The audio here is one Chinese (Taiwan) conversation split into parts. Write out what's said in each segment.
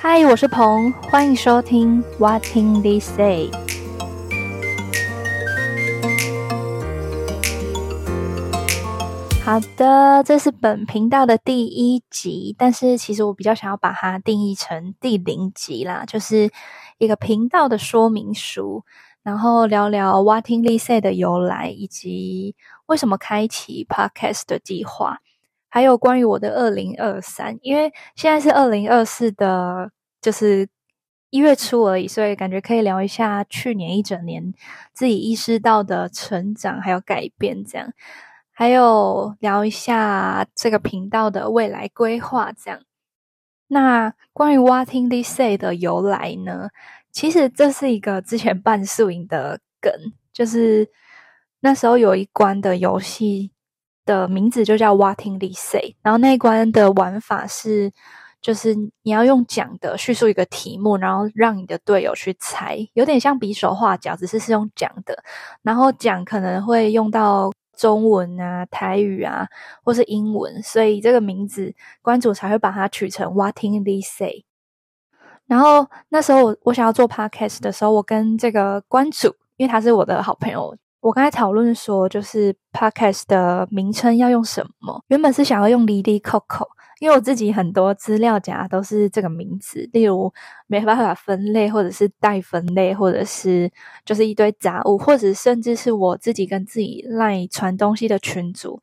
嗨，我是彭，歡迎收聽 watinglisay。好的，這是本頻道的第一集，但是其實我比較想要把它定義成第零集啦，就是一個頻道的說明書，然後聊聊 watinglisay 的由來以及為什麼開啟 Podcast 的計劃。還有關於我的二零二三，因為現在是二零二四的，就是一月初而已，所以感覺可以聊一下去年一整年自己意識到的成長還有改變，這樣，還有聊一下這個頻道的未來規劃，這樣。那關於 watinglisay 的由來呢？其實這是一個之前辦宿營的梗，就是那時候有一關的遊戲。的名字就叫 watinglisay 然後那一關的玩法是，就是你要用講的敘述一個題目，然後讓你的隊友去猜，有點像比手畫腳，只是是用講的，然後講可能會用到中文啊、台語啊，或是英文，所以這個名字關主才會把它取成 watinglisay 然後那時候我，我想要做 podcast 的時候，我跟這個關主，因為他是我的好朋友。我剛才討論說，就是 podcast 的名稱要用什麼？原本是想要用 Lily Coco，因為我自己很多資料夾都是這個名字，例如沒辦法分類，或者是待分類，或者是就是一堆雜物，或者甚至是我自己跟自己賴傳東西的群組，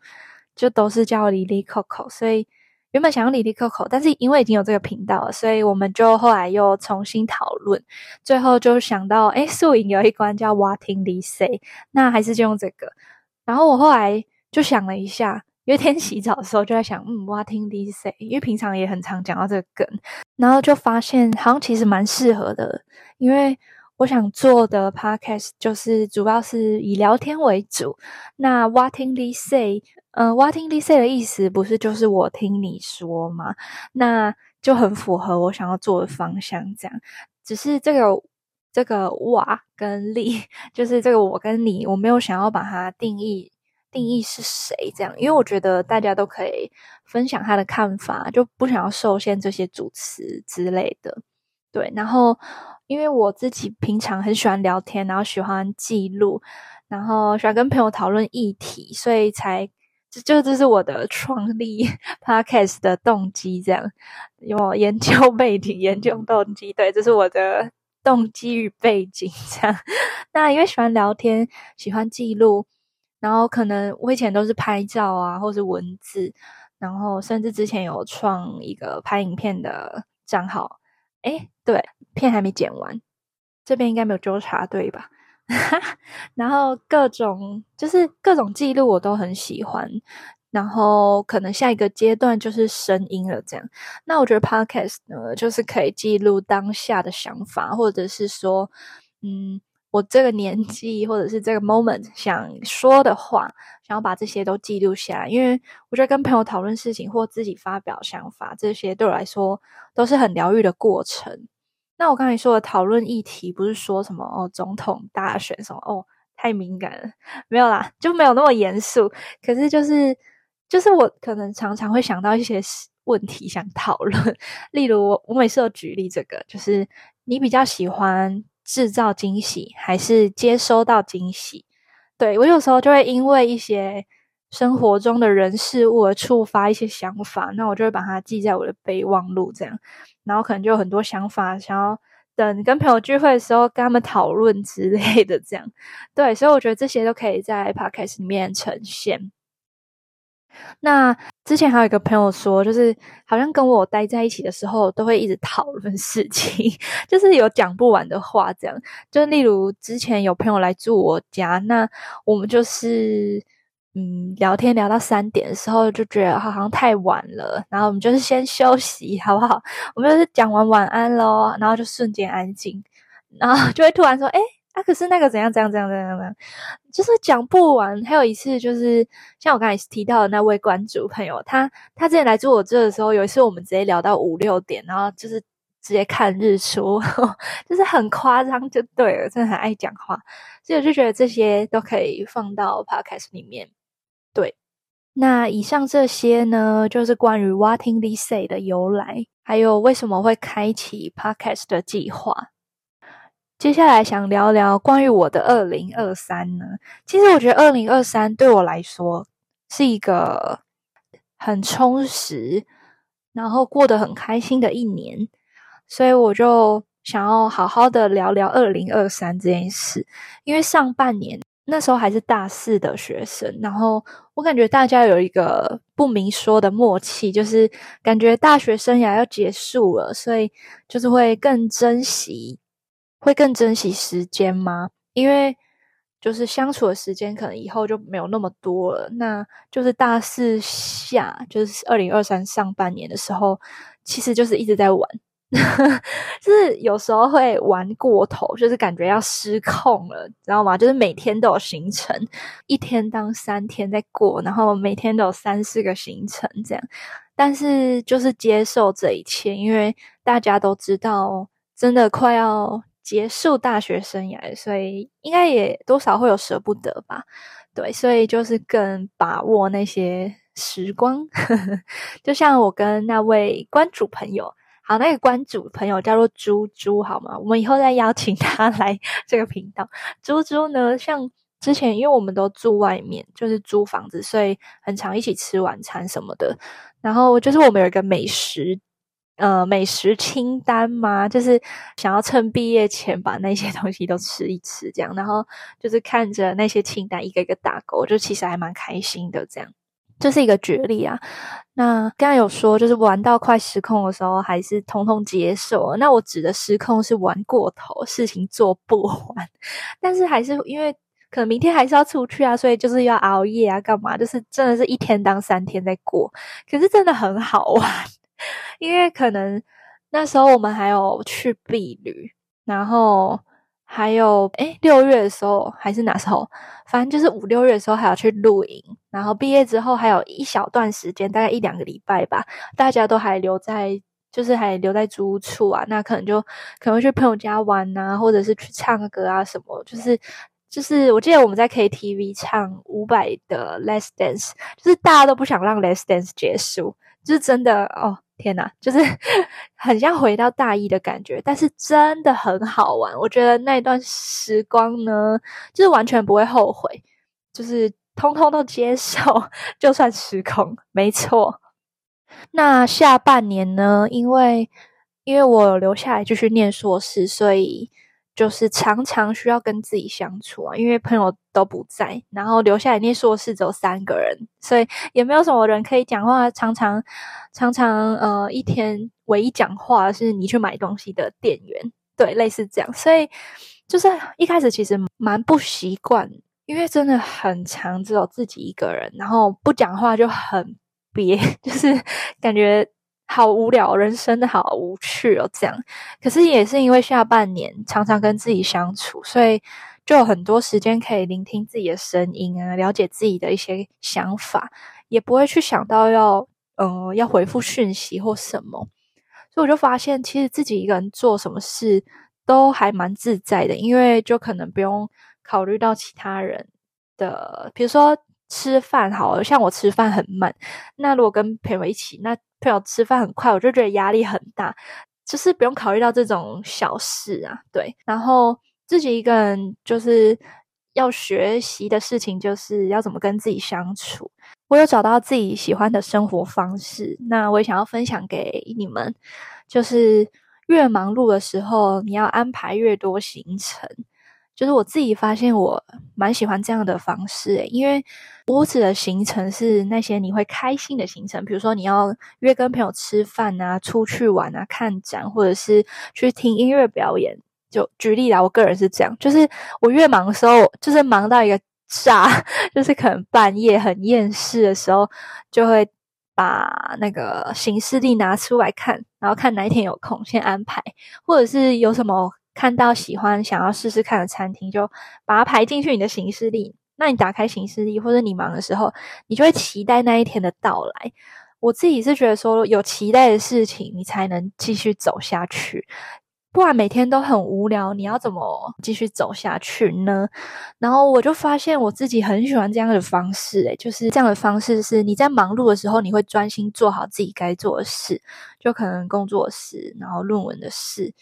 就都是叫 Lily Coco，所以。原本想用理理克口，但是因為已經有這個頻道了，所以我們就後來又重新討論，最後就想到，誒，素影有一關叫“哇聽哩 say” 那還是就用這個。然後我後來就想了一下，有一天洗澡的時候就在想，嗯，“哇聽哩 say” 因為平常也很常講到這個梗，然後就發現好像其實蠻適合的，因為。我想做的 podcast 就是主要是以聊天為主。那哇聽哩 say？呃，哇聽哩 say 的意思不是就是我聽你說嗎？那就很符合我想要做的方向。這樣，只是這個這個哇跟哩，就是這個我跟你，我沒有想要把它定義定義是誰這樣，因為我覺得大家都可以分享他的看法，就不想要受限這些主詞之類的。對，然後。因為我自己平常很喜歡聊天，然後喜歡記錄，然後喜歡跟朋友討論議題，所以才就，就這是我的創立 podcast 的動機。這樣，有研究背景、研究動機，對，這是我的動機與背景。這樣，那因為喜歡聊天、喜歡記錄，然後可能我以前都是拍照啊，或是文字，然後甚至之前有創一個拍影片的賬號，誒？對，片還沒剪完，這邊應該沒有糾察隊吧？ 然後各種就是各種記錄，我都很喜歡。然後可能下一個階段就是聲音了，這樣。那我覺得 podcast 呢，就是可以記錄當下的想法，或者是說，嗯。我這個年紀或者是這個 moment 想說的話，想要把這些都記錄下來，因為我覺得跟朋友討論事情或自己發表想法，這些對我來說都是很療癒的過程。那我剛才說的討論議題，不是說什麼哦，總統大選什麼哦，太敏感了，沒有啦，就沒有那麼嚴肅。可是就是就是我可能常常會想到一些問題想討論，例如我，我每次有舉例這個，就是你比較喜歡製造驚喜還是接收到驚喜？對，我有時候就會因為一些生活中的人事物而觸發一些想法，那我就會把它記在我的備忘錄這樣，然後可能就有很多想法，想要等跟朋友聚會的時候跟他們討論之類的這樣，對，所以我覺得這些都可以在 Podcast 裡面呈現。那之前還有一個朋友說，就是好像跟我待在一起的時候，都會一直討論事情，就是有講不完的話，這樣。就例如之前有朋友來住我家，那我們就是嗯聊天聊到三點的時候，就覺得好像太晚了，然後我們就是先休息，好不好？我們就是講完晚安嘍，然後就瞬間安靜，然後就會突然說，誒。啊！可是那個怎樣？怎樣？怎樣？怎樣？怎樣？就是講不完。還有一次，就是像我剛才提到的那位館主朋友，他他之前來住我這的時候，有一次我們直接聊到五六點，然後就是直接看日出，呵呵就是很誇張，就對了，真的很愛講話。所以我就覺得這些都可以放到 Podcast 裡面。對，那以上這些呢，就是關於哇聽哩 say 的由來，還有為什麼會開啟 Podcast 的計劃。接下來想聊聊關於我的二零二三呢？其實我覺得二零二三對我來說是一個很充實，然後過得很開心的一年，所以我就想要好好的聊聊二零二三這件事。因為上半年那時候還是大四的學生，然後我感覺大家有一個不明說的默契，就是感覺大學生涯要結束了，所以就是會更珍惜。會更珍惜時間嗎？因為就是相處的時間，可能以後就沒有那麼多了。那就是大四下，就是二零二三上半年的時候，其實就是一直在玩， 就是有時候會玩過頭，就是感覺要失控了，知道嗎？就是每天都有行程，一天當三天在過，然後每天都有三四個行程這樣。但是就是接受這一切，因為大家都知道，真的快要。結束大學生涯，所以應該也多少會有捨不得吧，對，所以就是更把握那些時光。 就像我跟那位關主朋友，好，那個關主朋友叫做豬豬，好嗎？我們以後再邀請他來這個頻道。豬豬呢，像之前因為我們都住外面，就是租房子，所以很常一起吃晚餐什麼的。然後就是我們有一個美食。呃，美食清單嘛，就是想要趁畢業前把那些東西都吃一吃，這樣，然後就是看着那些清單一個一個打勾，就其實還蠻開心的。這樣，這、就是一個舉例啊。那剛剛有說，就是玩到快失控的時候，還是通通接受。那我指的失控是玩過頭，事情做不完。但是還是因為可能明天還是要出去啊，所以就是要熬夜啊，幹嘛？就是真的是一天當三天在過，可是真的很好玩。因為可能那時候我們還有去畢旅，然後還有誒六月的時候還是哪時候，反正就是五六月的時候還要去露營，然後畢業之後還有一小段時間，大概一兩個禮拜吧，大家都還留在就是還留在租屋處啊，那可能就可能會去朋友家玩吶、啊，或者是去唱歌啊什麼，就是就是我記得我們在 KTV 唱伍佰的 Last Dance，就是大家都不想讓 Last Dance 結束，就是真的哦。天吶，就是很像回到大一的感覺，但是真的很好玩。我覺得那段時光呢，就是完全不會後悔，就是通通都接受，就算時空沒錯。那下半年呢，因為因為我留下來就去念碩士，所以。就是常常需要跟自己相處啊，因為朋友都不在，然後留下來念碩士只有三個人，所以也沒有什麼人可以講話。常常，常常，呃，一天唯一講話是你去買東西的店員，對，類似這樣。所以就是一開始其實蠻不習慣，因為真的很常，只有自己一個人，然後不講話就很憋，就是感覺。好無聊，人生的好無趣哦，這樣。可是也是因為下半年常常跟自己相處，所以就有很多時間可以聆聽自己的聲音啊，了解自己的一些想法，也不會去想到要嗯、呃、要回復訊息或什麼。所以我就發現，其實自己一個人做什麼事都還蠻自在的，因為就可能不用考慮到其他人的，比如說吃飯好了，好像我吃飯很慢，那如果跟朋友一起那。要吃飯很快，我就覺得壓力很大，就是不用考慮到這種小事啊。對，然後自己一個人就是要學習的事情，就是要怎麼跟自己相處。我有找到自己喜歡的生活方式，那我也想要分享給你們。就是越忙碌的時候，你要安排越多行程。就是我自己發現，我蠻喜歡這樣的方式誒，因為屋子的行程是那些你會開心的行程，比如說你要約跟朋友吃飯啊、出去玩啊、看展，或者是去聽音樂表演。就舉例啦，我個人是這樣，就是我越忙的時候，就是忙到一個炸，就是可能半夜很厭世的時候，就會把那個行事曆拿出來看，然後看哪一天有空先安排，或者是有什麼。看到喜歡、想要試試看的餐廳，就把它排進去你的行事曆。那你打開行事曆，或者你忙的時候，你就會期待那一天的到來。我自己是覺得說，有期待的事情，你才能繼續走下去。不然每天都很無聊，你要怎麼繼續走下去呢？然後我就發現我自己很喜歡這樣的方式，誒，就是這樣的方式，是你在忙碌的時候，你會專心做好自己該做的事，就可能工作的事，然後論文的事。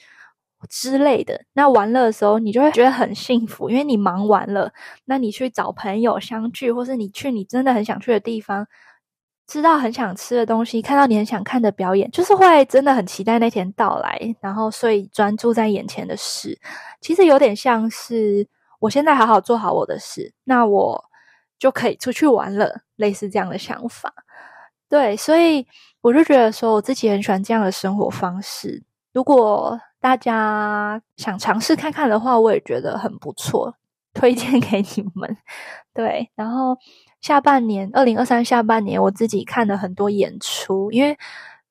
之類的，那玩樂的時候，你就會覺得很幸福，因為你忙完了，那你去找朋友相聚，或是你去你真的很想去的地方，吃到很想吃的東西，看到你很想看的表演，就是會真的很期待那天到來。然後，所以專注在眼前的事，其實有點像是我現在好好做好我的事，那我就可以出去玩了，類似這樣的想法。對，所以我就覺得說，我自己很喜歡這樣的生活方式。如果大家想嘗試看看的話，我也覺得很不錯，推薦給你們。對，然後下半年，2023下半年，我自己看了很多演出，因為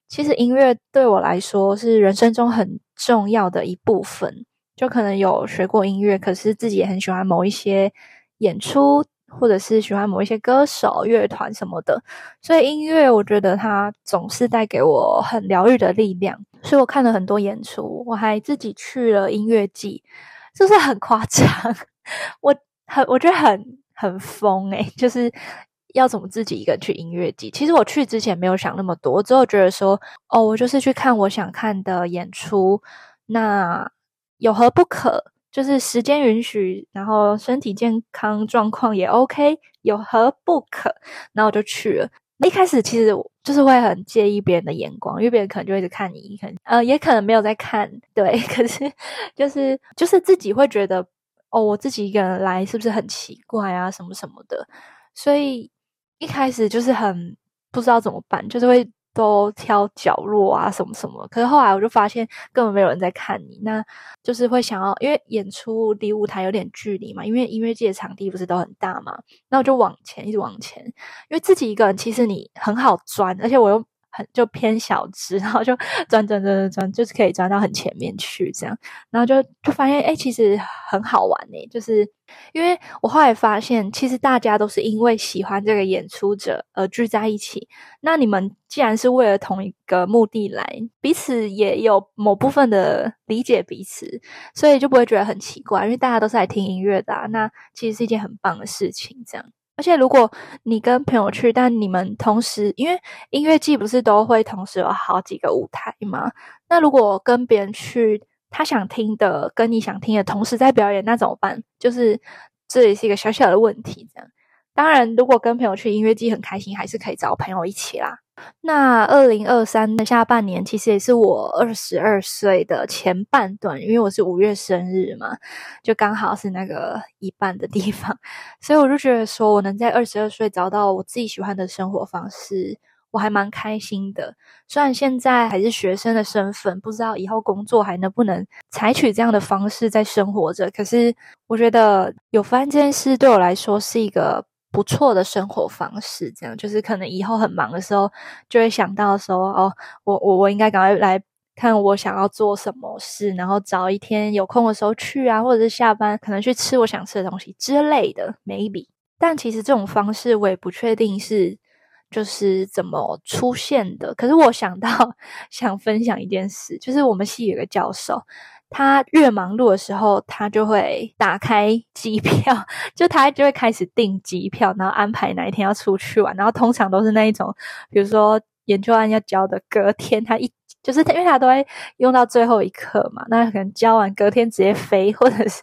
其實音樂對我來說是人生中很重要的一部分。就可能有學過音樂，可是自己也很喜歡某一些演出。或者是喜歡某一些歌手、樂團什麼的，所以音樂我覺得它總是帶給我很療癒的力量。所以我看了很多演出，我還自己去了音樂季，就是很誇張， 我很我覺得很很瘋誒、欸，就是要怎麼自己一個人去音樂季？其實我去之前沒有想那麼多，我只有覺得說哦，我就是去看我想看的演出，那有何不可？就是時間允許，然後身體健康狀況也 OK，有何不可？然後我就去了。一開始其實就是會很介意別人的眼光，因為別人可能就會一直看你，可能呃也可能沒有在看，對。可是就是就是自己會覺得，哦，我自己一個人來是不是很奇怪啊，什麼什麼的。所以一開始就是很不知道怎麼辦，就是會。都挑角落啊，什麼什麼？可是後來我就發現，根本沒有人在看你。那就是會想要，因為演出離舞台有點距離嘛，因為音樂界場地不是都很大嘛。那我就往前，一直往前，因為自己一個人，其實你很好鑽，而且我又。很就偏小隻，然後就鑽鑽鑽鑽鑽，就是可以鑽到很前面去這樣，然後就就發現欸，其實很好玩欸，就是因為我後來發現，其實大家都是因為喜歡這個演出者而聚在一起。那你們既然是為了同一個目的來，彼此也有某部分的理解彼此，所以就不會覺得很奇怪，因為大家都是來聽音樂的啊，那其實是一件很棒的事情，這樣。而且，如果你跟朋友去，但你們同時，因為音樂祭不是都會同時有好幾個舞台嗎？那如果跟別人去，他想聽的跟你想聽的同時在表演，那怎麼辦？就是這也是一個小小的問題。這樣，當然，如果跟朋友去音樂祭很開心，還是可以找朋友一起啦。那二零二三的下半年，其實也是我二十二歲的前半段，因為我是五月生日嘛，就剛好是那個一半的地方，所以我就覺得說我能在二十二歲找到我自己喜歡的生活方式，我還蠻開心的。雖然現在還是學生的身份，不知道以後工作還能不能採取這樣的方式在生活着，可是我覺得有發現這件事對我來說是一個。不錯的生活方式，這樣就是可能以後很忙的時候，就會想到說哦，我我我應該趕快來看我想要做什麼事，然後找一天有空的時候去啊，或者是下班可能去吃我想吃的東西之類的，maybe。但其實這種方式我也不確定是就是怎麼出現的，可是我想到想分享一件事，就是我們系有個教授。他越忙碌的時候，他就會打開機票，就他就會開始訂機票，然後安排哪一天要出去玩。然後通常都是那一種，比如說研究案要交的隔天，他一就是因為他都會用到最後一刻嘛，那可能交完隔天直接飛，或者是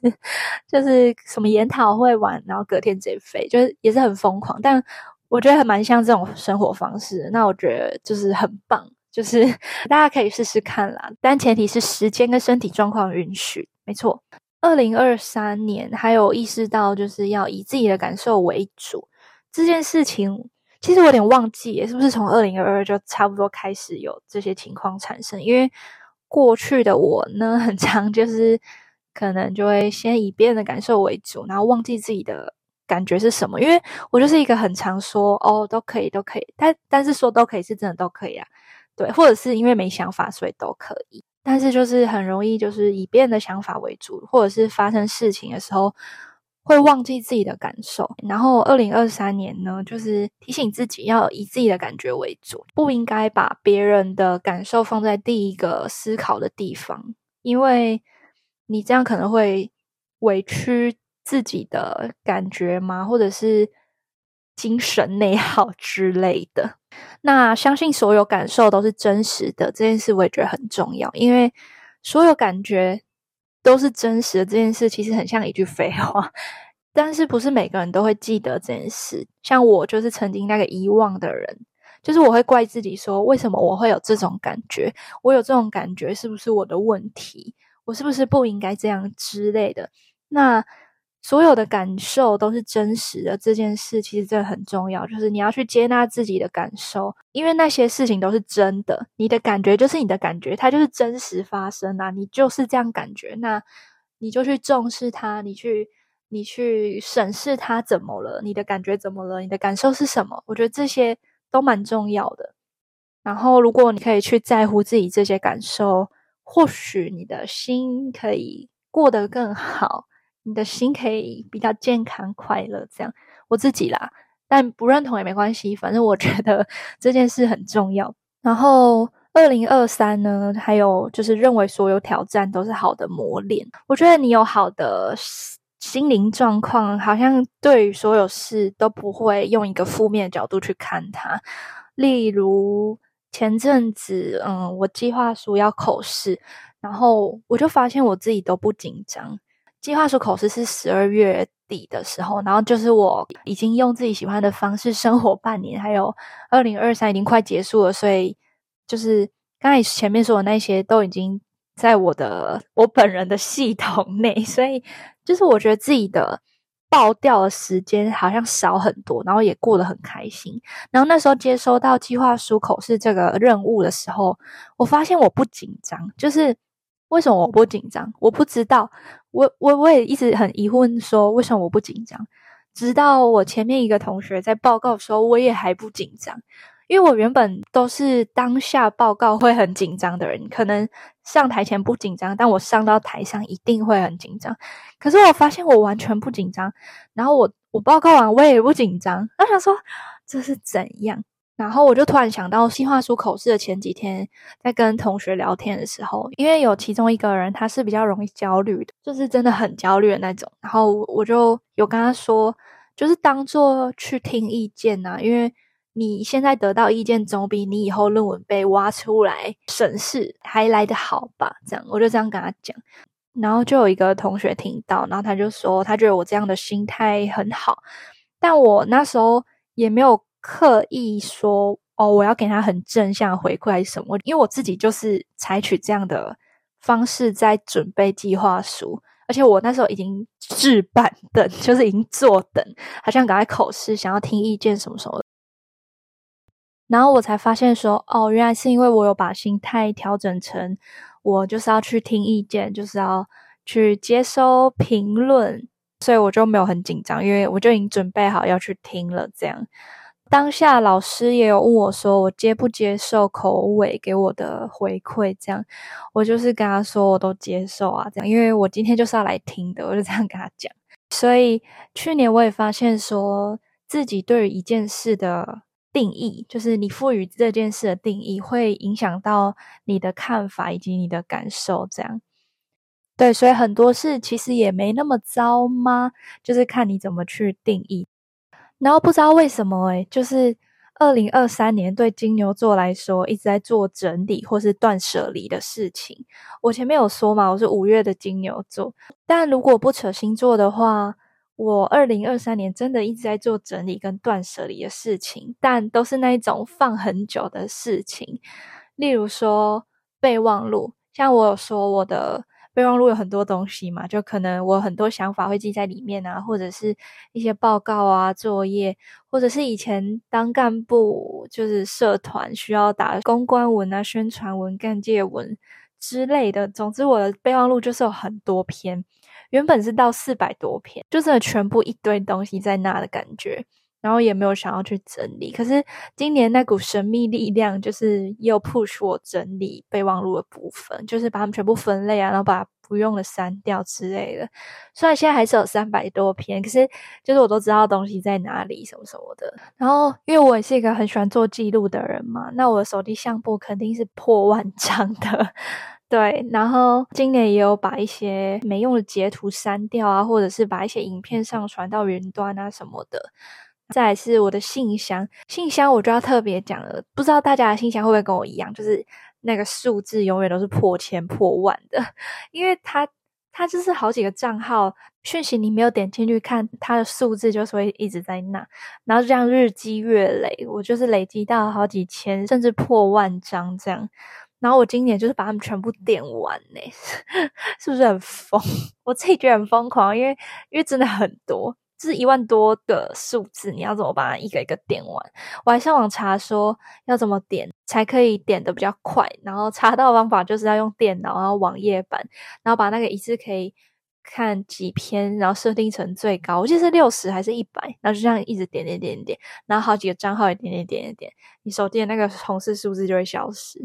就是什麼研討會完，然後隔天直接飛，就是也是很瘋狂。但我覺得還蠻像這種生活方式，那我覺得就是很棒。就是大家可以試試看啦，但前提是時間跟身體狀況允許。沒錯，二零二三年還有意識到，就是要以自己的感受為主這件事情。其實我有點忘記，也是不是從二零二二就差不多開始有這些情況產生？因為過去的我呢，很常就是可能就會先以別人的感受為主，然後忘記自己的感覺是什麼。因為我就是一個很常說“哦，都可以，都可以”，但但是說“都可以”是真的都可以啊。對，或者是因為沒想法，所以都可以。但是就是很容易，就是以別人的想法為主，或者是發生事情的時候會忘記自己的感受。然後二零二三年呢，就是提醒自己要以自己的感覺為主，不應該把別人的感受放在第一個思考的地方，因為你這樣可能會委屈自己的感覺嗎，或者是精神內耗之類的。那相信所有感受都是真實的這件事，我也覺得很重要。因為所有感覺都是真實的這件事，其實很像一句廢話。但是不是每個人都會記得這件事？像我就是曾經那個遺忘的人，就是我會怪自己說：為什麼我會有這種感覺？我有這種感覺是不是我的問題？我是不是不應該這樣之類的？那。所有的感受都是真實的，這件事其實真的很重要。就是你要去接納自己的感受，因為那些事情都是真的。你的感覺就是你的感覺，它就是真實發生啊！你就是這樣感覺，那你就去重視它，你去你去審視它，怎麼了？你的感覺怎麼了？你的感受是什麼？我覺得這些都蠻重要的。然後，如果你可以去在乎自己這些感受，或許你的心可以過得更好。你的心可以比較健康、快樂，這樣我自己啦。但不認同也沒關係，反正我覺得這件事很重要。然後二零二三呢，還有就是認為所有挑戰都是好的磨練。我覺得你有好的心靈狀況，好像對於所有事都不會用一個負面角度去看它。例如前陣子，嗯，我計劃書要口試，然後我就發現我自己都不緊張。計劃書口試是十二月底的時候，然後就是我已經用自己喜歡的方式生活半年，還有二零二三已經快結束了，所以就是剛才前面說的那些都已經在我的我本人的系統內，所以就是我覺得自己的爆掉的時間好像少很多，然後也過得很開心。然後那時候接收到計劃書口試這個任務的時候，我發現我不緊張，就是。為什麼我不緊張？我不知道，我我我也一直很疑惑，說為什麼我不緊張？直到我前面一個同學在報告的時候，我也還不緊張，因為我原本都是當下報告會很緊張的人，可能上台前不緊張，但我上到台上一定會很緊張。可是我發現我完全不緊張，然後我我報告完，我也不緊張，我想說這是怎樣？然後我就突然想到，計畫書口試的前幾天，在跟同學聊天的時候，因為有其中一個人他是比較容易焦慮的，就是真的很焦慮的那種。然後我就有跟他說，就是當做去聽意見吶、啊，因為你現在得到意見總比你以後論文被挖出來省事還來得好吧？這樣，我就這樣跟他講。然後就有一個同學聽到，然後他就說他覺得我這樣的心態很好，但我那時候也沒有。刻意說哦，我要給他很正向回饋還是什麼？因為我自己就是採取這樣的方式在準備計劃書，而且我那時候已經置板凳，就是已經坐等，好像趕在口試，想要聽意見什麼什麼。然後我才發現說哦，原來是因為我有把心態調整成我就是要去聽意見，就是要去接收評論，所以我就沒有很緊張，因為我就已經準備好要去聽了，這樣。當下老師也有問我說：“我接不接受口委給我的回饋？”這樣，我就是跟他說：“我都接受啊。”這樣，因為我今天就是要來聽的，我就這樣跟他講。所以去年我也發現說，說自己對於一件事的定義，就是你賦予這件事的定義，會影響到你的看法以及你的感受。這樣，對，所以很多事其實也沒那麼糟嘛，就是看你怎麼去定義。然後不知道為什麼誒、欸、就是二零二三年對金牛座來說一直在做整理或是斷舍離的事情。我前面有說嘛，我是五月的金牛座，但如果不扯星座的話，我二零二三年真的一直在做整理跟斷舍離的事情，但都是那一種放很久的事情，例如說備忘錄，像我有說我的。備忘錄有很多東西嘛，就可能我很多想法會記在裡面啊，或者是一些報告啊、作業，或者是以前當幹部就是社團需要打公關文啊、宣傳文、幹界文之類的。總之，我的備忘錄就是有很多篇，原本是到四百多篇，就是全部一堆東西在那的感覺。然後也沒有想要去整理，可是今年那股神秘力量就是又 push 我整理備忘錄的部分，就是把它們全部分類啊，然後把它不用的刪掉之類的。雖然現在還是有三百多篇，可是就是我都知道的東西在哪裡什麼什麼的。然後因為我也是一個很喜歡做記錄的人嘛，那我的手機相簿肯定是破萬張的。對，然後今年也有把一些沒用的截圖刪掉啊，或者是把一些影片上傳到雲端啊什麼的。再來是我的信箱，信箱我就要特別講了。不知道大家的信箱會不會跟我一樣，就是那個數字永遠都是破千、破萬的，因為它它就是好幾個賬號，訊息你沒有點進去看，它的數字就是會一直在那，然後這樣日積月累，我就是累積到好幾千，甚至破萬張這樣。然後我今年就是把它們全部點完，哎，是不是很瘋？我自己覺得很瘋狂，因為因為真的很多。這是一萬多的數字，你要怎麼把它一個一個點完？我還上網查說要怎麼點才可以點得比較快，然後查到的方法就是要用電腦，然後網頁版，然後把那個一次可以看幾篇，然後設定成最高，我記得是六十還是一百，然後就這樣一直點點點點點，然後好幾個賬號也點點點點點，你手機的那個紅色數字就會消失，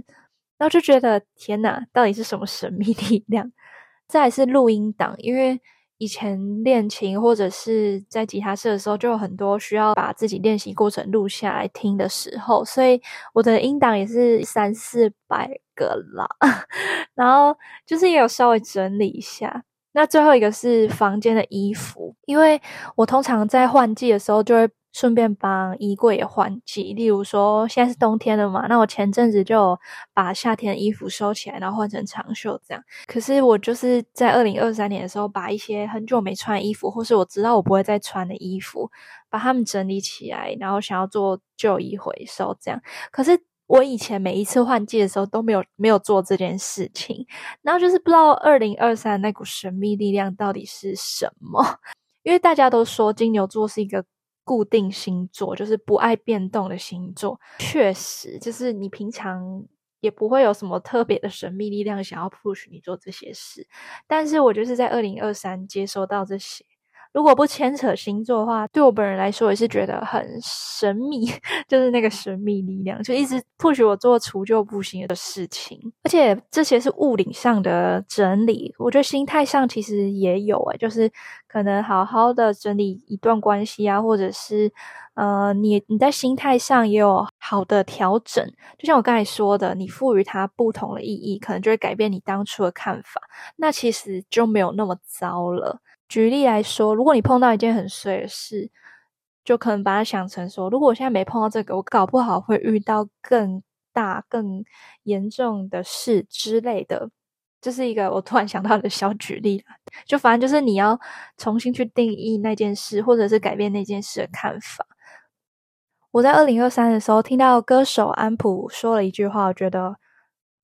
然後就覺得天吶，到底是什麼神秘力量？再來是錄音檔，因為，以前練琴或者是在吉他社的時候，就有很多需要把自己練習過程錄下來聽的時候，所以我的音檔也是三四百個啦。 然後就是也有稍微整理一下。那最後一個是房間的衣服，因為我通常在換季的時候就會。順便幫衣櫃也換季，例如說現在是冬天了嘛，那我前陣子就把夏天的衣服收起來，然後換成長袖這樣。可是我就是在二零二三年的時候，把一些很久沒穿的衣服，或是我知道我不會再穿的衣服，把它們整理起來，然後想要做舊衣回收這樣。可是我以前每一次換季的時候都沒有沒有做這件事情，然後就是不知道二零二三那股神秘力量到底是什麼，因為大家都說金牛座是一個。固定星座，就是不愛變動的星座。確實就是你平常也不會有什麼特別的神秘力量想要 push 你做這些事，但是我就是在二零二三接收到這些。如果不牽扯星座的話，對我本人來說也是覺得很神秘，就是那個神秘力量，就一直 push 我做除舊布新的事情。而且這些是物理上的整理，我覺得心態上其實也有哎、欸，就是可能好好的整理一段關係啊，或者是呃，你你在心態上也有好的調整。就像我剛才說的，你賦予它不同的意義，可能就會改變你當初的看法，那其實就沒有那麼糟了。舉例來說，如果你碰到一件很衰的事，就可能把它想成說：如果我現在沒碰到這個，我搞不好會遇到更大、更嚴重的事之類的。這是一個我突然想到的小舉例。就反正就是你要重新去定義那件事，或者是改變那件事的看法。我在二零二三的時候聽到歌手安溥說了一句話，我覺得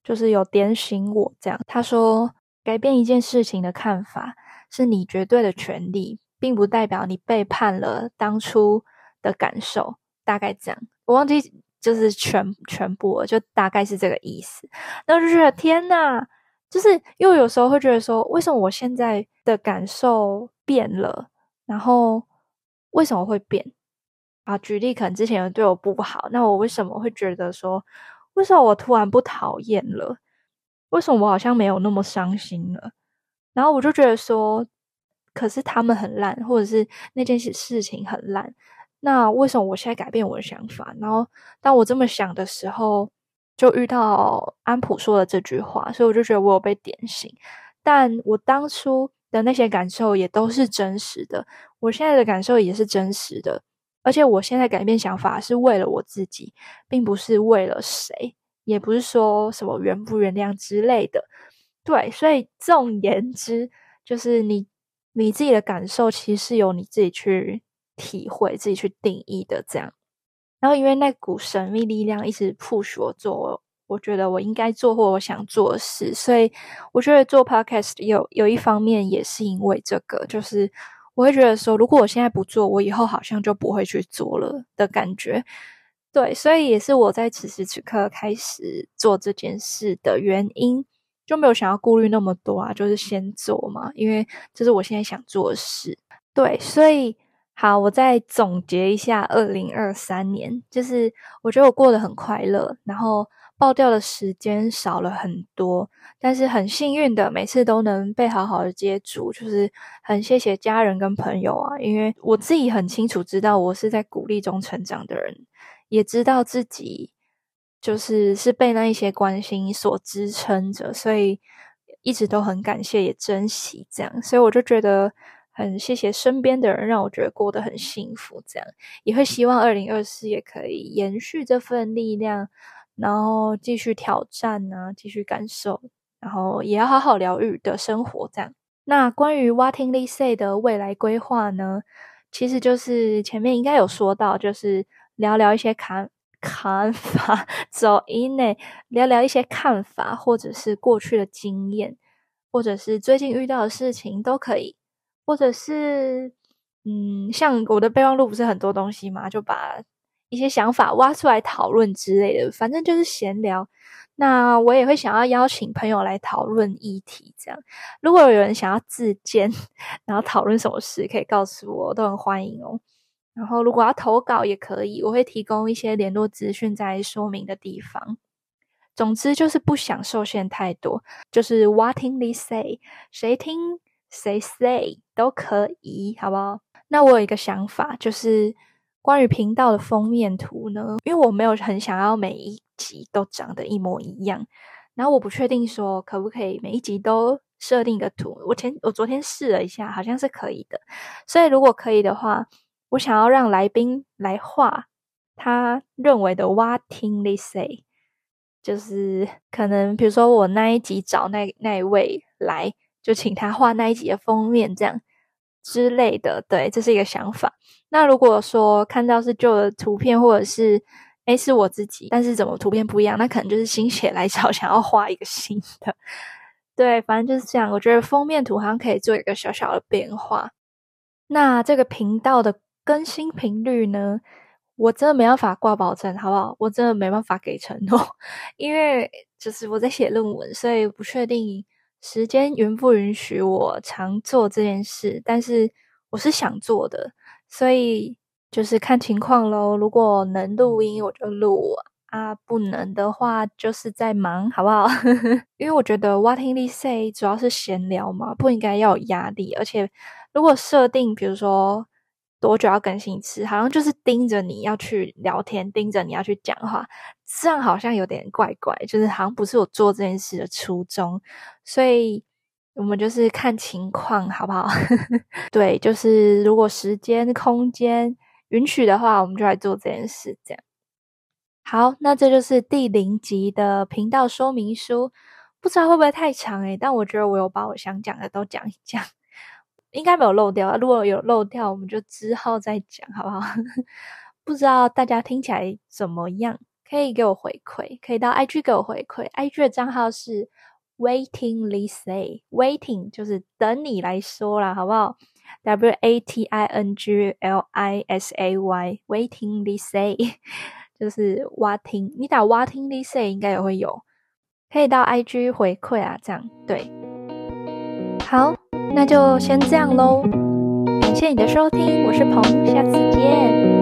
就是有點醒我這樣，他說：改變一件事情的看法。是你絕對的權利，並不代表你背叛了當初的感受。大概這樣，我忘記就是全全部了，就大概是這個意思。然後就覺得天吶，就是又有時候會覺得說，為什麼我現在的感受變了？然後為什麼會變啊？舉例，可能之前有對我不好，那我為什麼會覺得說，為什麼我突然不討厭了？為什麼我好像沒有那麼傷心了？然後我就覺得說，可是他們很爛，或者是那件事事情很爛，那為什麼我現在改變我的想法？然後當我這麼想的時候，就遇到安普說的這句話，所以我就覺得我有被點醒。但我當初的那些感受也都是真實的，我現在的感受也是真實的，而且我現在改變想法是為了我自己，並不是為了誰，也不是說什麼原不原諒之類的。對，所以總言之，就是你你自己的感受，其實是由你自己去體會、自己去定義的這樣。然後，因為那股神秘力量一直 push 我做，我覺得我應該做或我想做的事，所以我覺得做 podcast 有有一方面也是因為這個，就是我會覺得說，如果我現在不做，我以後好像就不會去做了的感覺。對，所以也是我在此時此刻開始做這件事的原因。就沒有想要顧慮那麼多啊，就是先做嘛，因為這是我現在想做的事。對，所以好，我再總結一下，二零二三年，就是我覺得我過得很快樂，然後爆掉的時間少了很多，但是很幸運的，每次都能被好好的接住，就是很謝謝家人跟朋友啊，因為我自己很清楚知道，我是在鼓勵中成長的人，也知道自己。就是是被那一些關心所支撐着，所以一直都很感謝，也珍惜這樣。所以我就覺得很謝謝身邊的人，讓我覺得過得很幸福。這樣也會希望二零二四也可以延續這份力量，然後繼續挑戰呢、啊，繼續感受，然後也要好好療癒的生活。這樣。那關於 watinglisay 的未來規劃呢？其實就是前面應該有說到，就是聊聊一些坎。看法，走以內聊聊一些看法，或者是過去的經驗，或者是最近遇到的事情都可以，或者是嗯，像我的備忘錄不是很多東西嘛，就把一些想法挖出來討論之類的，反正就是閒聊。那我也會想要邀請朋友來討論議題，這樣如果有人想要自薦，然後討論什麼事，可以告訴我，都很歡迎哦。然後，如果要投稿也可以，我會提供一些聯絡資訊在說明的地方。總之就是不想受限太多，就是哇聽哩 say，誰聽誰 say 都可以，好不好？那我有一個想法，就是關於頻道的封面圖呢，因為我沒有很想要每一集都長得一模一樣。然後我不確定說可不可以每一集都設定一個圖，我前我昨天試了一下，好像是可以的。所以如果可以的話。我想要讓來賓來畫他認為的哇聽哩 say 就是可能比如說我那一集找那那一位來，就請他畫那一集的封面，這樣之類的。對，這是一個想法。那如果說看到是舊的圖片，或者是哎、欸、是我自己，但是怎麼圖片不一樣，那可能就是心血來潮，想要畫一個新的。對，反正就是這樣。我覺得封面圖好像可以做一個小小的變化。那這個頻道的。更新頻率呢？我真的沒辦法掛保證，好不好？我真的沒辦法給承諾，因為就是我在寫論文，所以不確定時間允不允許我常做這件事。但是我是想做的，所以就是看情況嘍。如果能錄音，我就錄啊；不能的話，就是在忙，好不好？ 因為我覺得哇聽哩 say 主要是閒聊嘛，不應該要有壓力。而且如果設定，比如說。我主要更新一次，好像就是盯着你要去聊天，盯着你要去講話，這樣好像有點怪怪，就是好像不是我做這件事的初衷，所以我們就是看情況好不好？ 對，就是如果時間、空間允許的話，我們就來做這件事。這樣好，那這就是第零集的頻道說明書，不知道會不會太長誒、欸，但我覺得我有把我想講的都講一講。應該沒有漏掉啊！如果有漏掉，我們就之後再講，好不好？ 不知道大家聽起來怎麼樣？可以給我回饋，可以到 IG 給我回饋。IG 的賬號是 Waiting Lisa，y Waiting 就是等你來說啦，好不好？W A T I N G L I S A Y，Waiting Lisa 就是 w a i t i n g 你打 w a i t i n g Lisa y 應該也會有。可以到 IG 回饋啊，這樣對。好，那就先這樣嘍。感謝你的收聽，我是彭，下次見。